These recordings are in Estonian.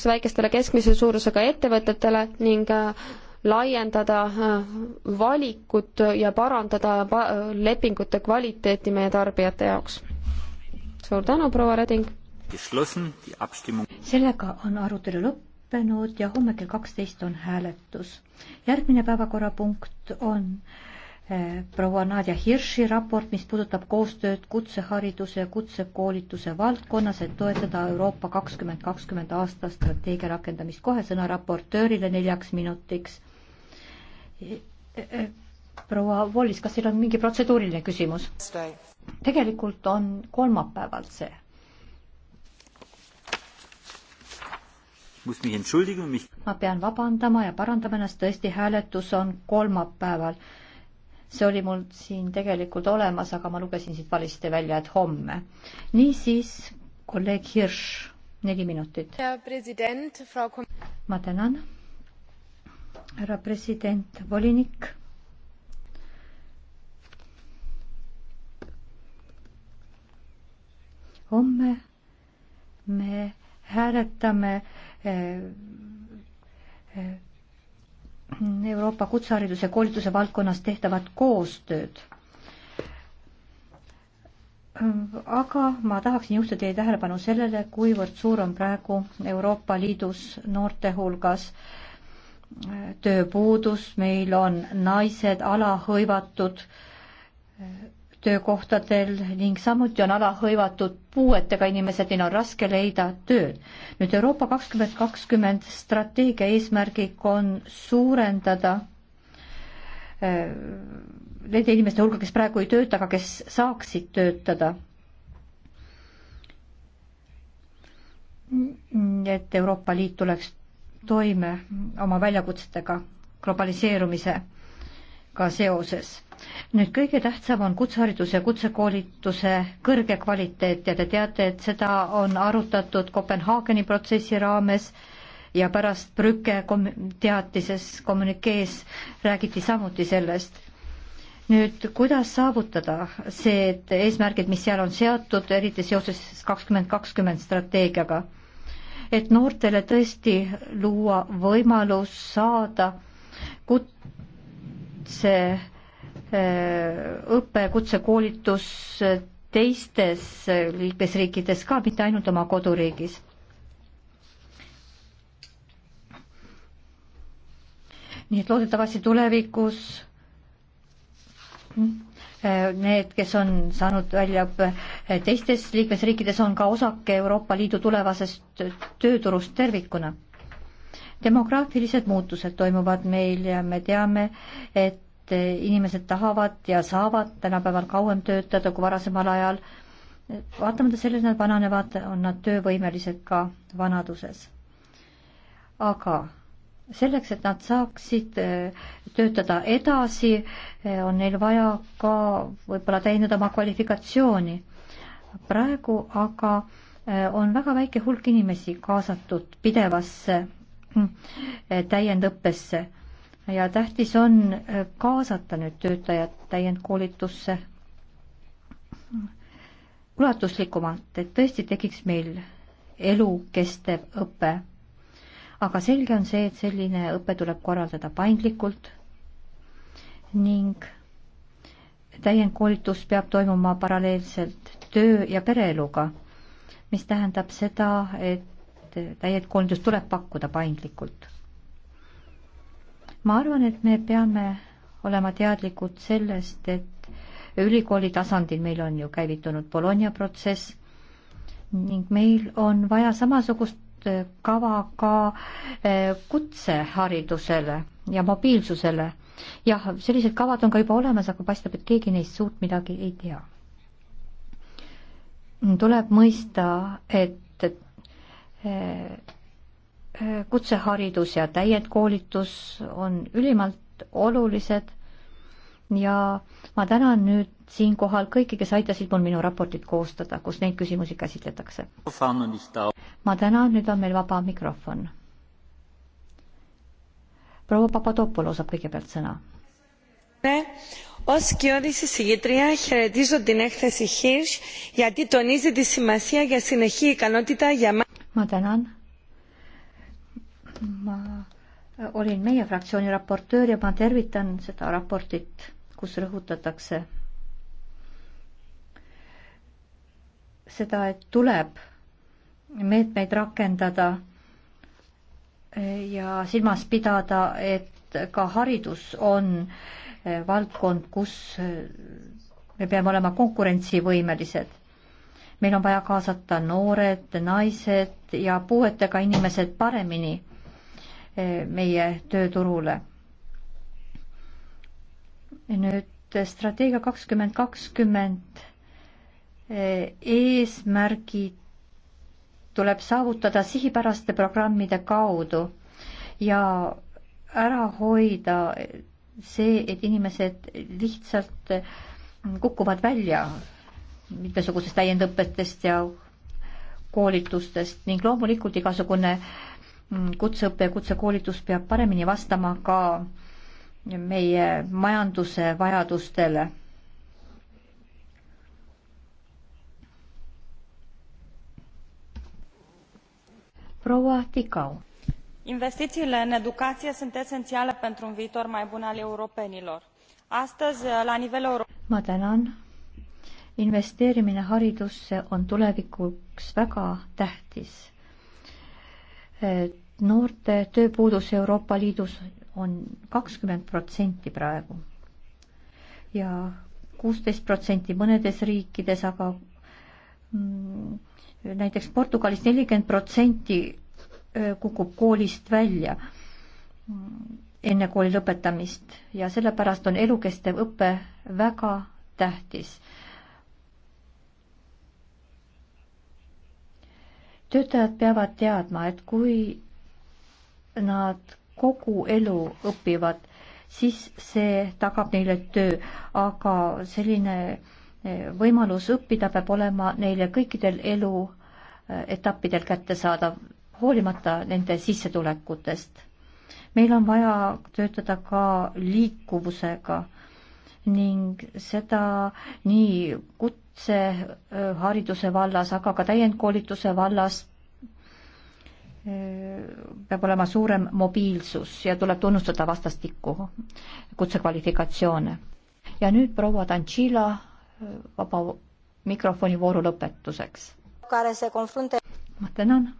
toetuseks väikestele keskmise suurusega ettevõtetele ning äh, laiendada äh, valikut ja parandada äh, lepingute kvaliteeti meie tarbijate jaoks. suur tänu, proua Reding! sellega on arutelu lõppenud ja homme kell kaksteist on hääletus. järgmine päevakorrapunkt on Äh, proua Nadja Hirši raport, mis puudutab koostööd kutsehariduse ja kutsekoolituse valdkonnas, et toetada Euroopa kakskümmend kakskümmend aasta strateegia rakendamist. kohe sõna raportöörile neljaks minutiks. Äh, äh, proua Wallis, kas teil on mingi protseduuriline küsimus? tegelikult on kolmapäeval see ma pean vabandama ja parandama ennast, tõesti hääletus on kolmapäeval see oli mul siin tegelikult olemas, aga ma lugesin siit valesti välja, et homme. niisiis, kolleeg Hirš, neli minutit. ma tänan, härra president, volinik. homme me hääletame eh, eh, Euroopa kutsehariduse koolituse valdkonnas tehtavat koostööd. aga ma tahaksin juhtida teie tähelepanu sellele, kuivõrd suur on praegu Euroopa Liidus noorte hulgas tööpuudus, meil on naised alahõivatud töökohtadel ning samuti on alahõivatud puuetega inimesed, neil on raske leida tööd. nüüd Euroopa kakskümmend kakskümmend strateegia eesmärgik on suurendada äh, nende inimeste hulka, kes praegu ei tööta, aga kes saaksid töötada. et Euroopa Liit tuleks toime oma väljakutsetega globaliseerumise ka seoses. nüüd kõige tähtsam on kutsehariduse ja kutsekoolituse kõrge kvaliteet ja te teate, et seda on arutatud Kopenhaageni protsessi raames ja pärast Brüke kom-, teatises kommünikees räägiti samuti sellest. nüüd, kuidas saavutada see, et eesmärgid, mis seal on seatud, eriti seoses kakskümmend kakskümmend strateegiaga, et noortele tõesti luua võimalus saada kut-, see eh, õpe, kutsekoolitus teistes liikmesriikides ka, mitte ainult oma koduriigis. nii et loodetavasti tulevikus mm, eh, need, kes on saanud väljaõppe eh, teistes liikmesriikides, on ka osake Euroopa Liidu tulevasest tööturust tervikuna demograafilised muutused toimuvad meil ja me teame, et inimesed tahavad ja saavad tänapäeval kauem töötada kui varasemal ajal. vaatamata sellele, nad vananevad, on nad töövõimelised ka vanaduses. aga selleks, et nad saaksid äh, töötada edasi, äh, on neil vaja ka võib-olla täiendada oma kvalifikatsiooni. praegu aga äh, on väga väike hulk inimesi kaasatud pidevasse täiendõppesse ja tähtis on äh, kaasata nüüd töötajad täiendkoolitusse ulatuslikumalt, et tõesti tekiks meil elukestev õpe. aga selge on see, et selline õpe tuleb korraldada paindlikult ning täiendkoolitus peab toimuma paralleelselt töö- ja pereeluga, mis tähendab seda, et et täiendkoolitust tuleb pakkuda paindlikult. ma arvan, et me peame olema teadlikud sellest, et ülikooli tasandil meil on ju käivitunud Bologna protsess ning meil on vaja samasugust kava ka eh, kutseharidusele ja mobiilsusele. jah, sellised kavad on ka juba olemas, aga paistab, et keegi neist suurt midagi ei tea. tuleb mõista, et kutseharidus ja täiendkoolitus on ülimalt olulised ja ma tänan nüüd siinkohal kõiki, kes aitasid mul minu raportit koostada, kus neid küsimusi käsitletakse. ma tänan, nüüd on meil vaba mikrofon. proua Papadopolo saab kõigepealt sõna. Ως κοιόδηση συγγήτρια χαιρετίζω την έκθεση Hirsch γιατί τονίζει τη σημασία για συνεχή ικανότητα για μας ma tänan. ma olin meie fraktsiooni raportöör ja ma tervitan seda raportit, kus rõhutatakse seda, et tuleb meetmeid rakendada ja silmas pidada, et ka haridus on valdkond, kus me peame olema konkurentsivõimelised meil on vaja kaasata noored, naised ja puuetega inimesed paremini eh, meie tööturule. nüüd eh, strateegia kakskümmend kakskümmend eh, eesmärgid tuleb saavutada sihipäraste programmide kaudu ja ära hoida see, et inimesed lihtsalt kukuvad välja mitmesugustest täiendõpetest ja koolitustest ning loomulikult igasugune mm, kutseõpe ja kutsekoolitus peab paremini vastama ka meie majanduse vajadustele. proua Tikau. investițiile în educație sunt esențiale pentru un viitor mai bun al europenilor. astăzi la nivel european investeerimine haridusse on tulevikuks väga tähtis. Eh, noorte tööpuudus Euroopa Liidus on kakskümmend protsenti praegu ja kuusteist protsenti mõnedes riikides, aga mm, näiteks Portugalis nelikümmend protsenti kukub koolist välja mm, enne kooli lõpetamist ja sellepärast on elukestev õpe väga tähtis töötajad peavad teadma, et kui nad kogu elu õpivad, siis see tagab neile töö, aga selline eh, võimalus õppida peab olema neile kõikidel elu eh, etappidel kättesaadav, hoolimata nende sissetulekutest. meil on vaja töötada ka liikuvusega ning seda nii kutsehariduse vallas, aga ka täiendkoolituse vallas peab olema suurem mobiilsus ja tuleb tunnustada vastastikku kutsekvalifikatsioone. ja nüüd proua Tantšila vaba mikrofoni vooru lõpetuseks. ma tänan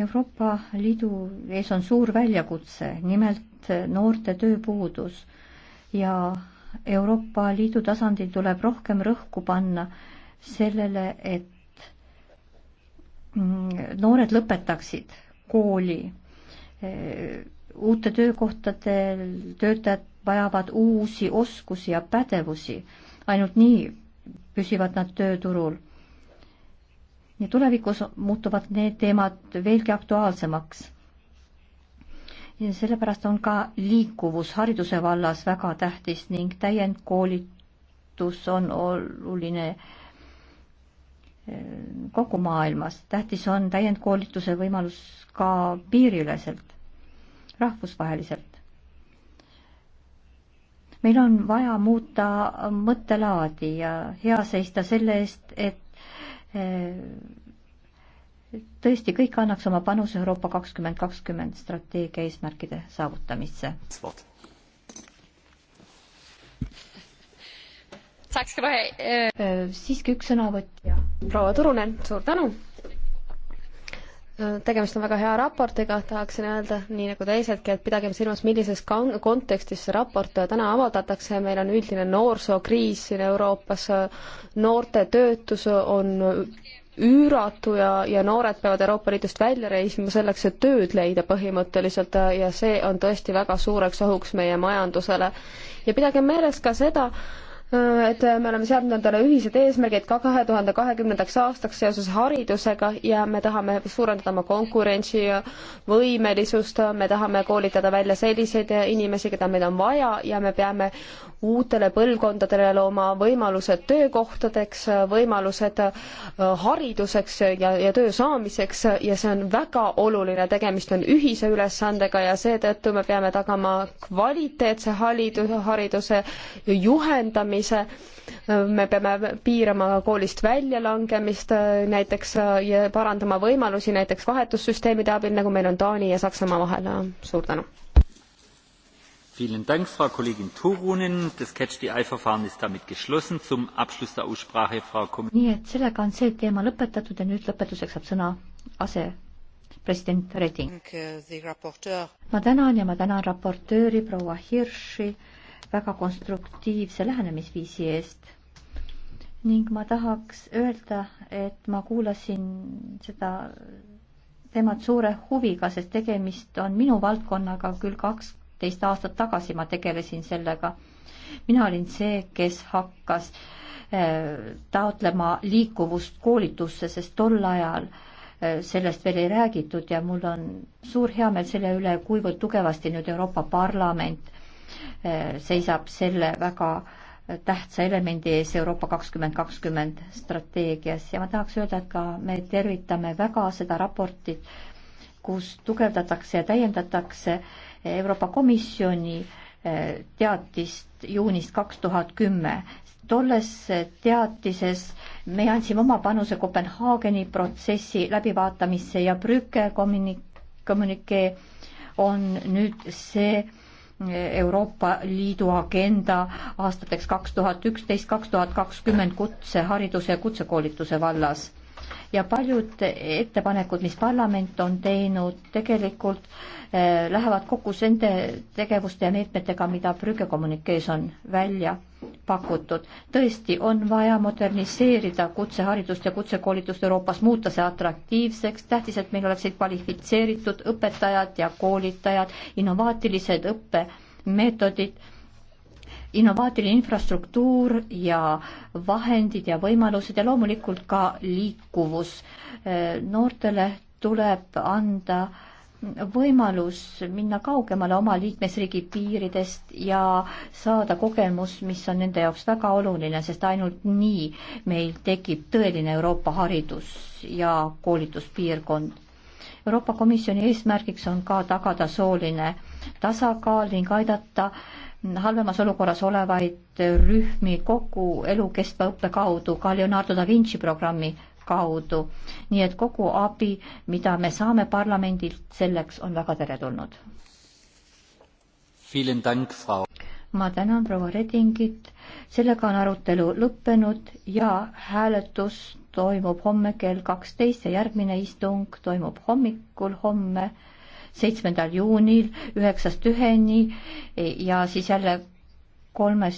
Euroopa Liidu ees on suur väljakutse, nimelt noorte tööpuudus ja Euroopa Liidu tasandil tuleb rohkem rõhku panna sellele, et mm, noored lõpetaksid kooli. E, uute töökohtadel töötajad vajavad uusi oskusi ja pädevusi, ainult nii püsivad nad tööturul ja tulevikus muutuvad need teemad veelgi aktuaalsemaks. ja sellepärast on ka liikuvus hariduse vallas väga tähtis ning täiendkoolitus on oluline eh, kogu maailmas. tähtis on täiendkoolituse võimalus ka piiriüleselt, rahvusvaheliselt meil on vaja muuta mõttelaadi ja hea seista selle eest, et tõesti kõik annaks oma panuse Euroopa kakskümmend kakskümmend strateegia eesmärkide saavutamisse. Eh. Äh, siiski üks sõnavõtja. proua Turunen, suur tänu Äh, tegemist on väga hea raportiga, tahaksin öelda, nii nagu teisedki, et pidagem silmas, millises kontekstis see raport äh, täna avaldatakse, meil on üldine noorsookriis siin Euroopas, noorte töötus on üüratu ja, ja noored peavad Euroopa Liidust välja reisima selleks, et tööd leida põhimõtteliselt äh, ja see on tõesti väga suureks ohuks meie majandusele. ja pidagem meeles ka seda, et me oleme seadnud endale ühised eesmärgid ka kahe tuhande kahekümnendaks aastaks seoses haridusega ja me tahame suurendada oma konkurentsivõimelisust, me tahame koolitada välja selliseid inimesi, keda meil on vaja ja me peame uutele põlvkondadele looma võimalused töökohtadeks, võimalused äh, hariduseks ja, ja töö saamiseks ja see on väga oluline, tegemist on ühise ülesandega ja seetõttu me peame tagama kvaliteetse hariduse, hariduse juhendamise, piiramise, me peame piirama koolist väljalangemist äh, näiteks äh, ja parandama võimalusi näiteks vahetussüsteemide abil, nagu meil on Taani ja Saksamaa vahel. Äh, suur tänu! Vielen Dank, Frau Kollegin Turunen. Das Catch-the-Eye-Verfahren ist damit geschlossen. Zum Abschluss der Aussprache, Frau Kommissarin. Nii et sellega on see teema lõpetatud ja nüüd lõpetuseks saab sõna asepresident Reding. Ma tänan ja ma tänan raportööri proua Hirsi väga konstruktiivse lähenemisviisi eest ning ma tahaks öelda, et ma kuulasin seda teemat suure huviga, sest tegemist on minu valdkonnaga, küll kaksteist aastat tagasi ma tegelesin sellega. mina olin see, kes hakkas eh, taotlema liikuvust koolitusse, sest tol ajal eh, sellest veel ei räägitud ja mul on suur heameel selle üle, kuivõrd tugevasti nüüd Euroopa Parlament Eh, seisab selle väga tähtsa elemendi ees Euroopa kakskümmend kakskümmend strateegias ja ma tahaks öelda, et ka me tervitame väga seda raportit, kus tugevdatakse ja täiendatakse Euroopa Komisjoni eh, teatist juunist kaks tuhat kümme. tolles teatises me andsime oma panuse Kopenhaageni protsessi läbivaatamisse ja Brüke kommunikee on nüüd see Euroopa Liidu agenda aastateks kaks tuhat üksteist, kaks tuhat kakskümmend kutsehariduse ja kutsekoolituse vallas ja paljud ettepanekud, mis parlament on teinud, tegelikult eh, lähevad kokku nende tegevuste ja meetmetega, mida Brügge kommunikees on välja pakutud. tõesti, on vaja moderniseerida kutseharidust ja kutsekoolitust Euroopas, muuta see atraktiivseks, tähtis, et meil oleksid kvalifitseeritud õpetajad ja koolitajad, innovaatilised õppemeetodid innovaatiline infrastruktuur ja vahendid ja võimalused ja loomulikult ka liikuvus. noortele tuleb anda võimalus minna kaugemale oma liikmesriigi piiridest ja saada kogemus, mis on nende jaoks väga oluline, sest ainult nii meil tekib tõeline Euroopa haridus- ja koolituspiirkond. Euroopa Komisjoni eesmärgiks on ka tagada sooline tasakaal ning aidata äh, halvemas olukorras olevaid rühmi kogu elukestva õppe kaudu, ka Leonardo da Vinci programmi kaudu. nii et kogu abi, mida me saame parlamendilt, selleks on väga teretulnud. ma tänan proua Redingit, sellega on arutelu lõppenud ja hääletus toimub homme kell kaksteist ja järgmine istung toimub hommikul homme seitsmendal juunil üheksast üheni ja siis jälle kolmest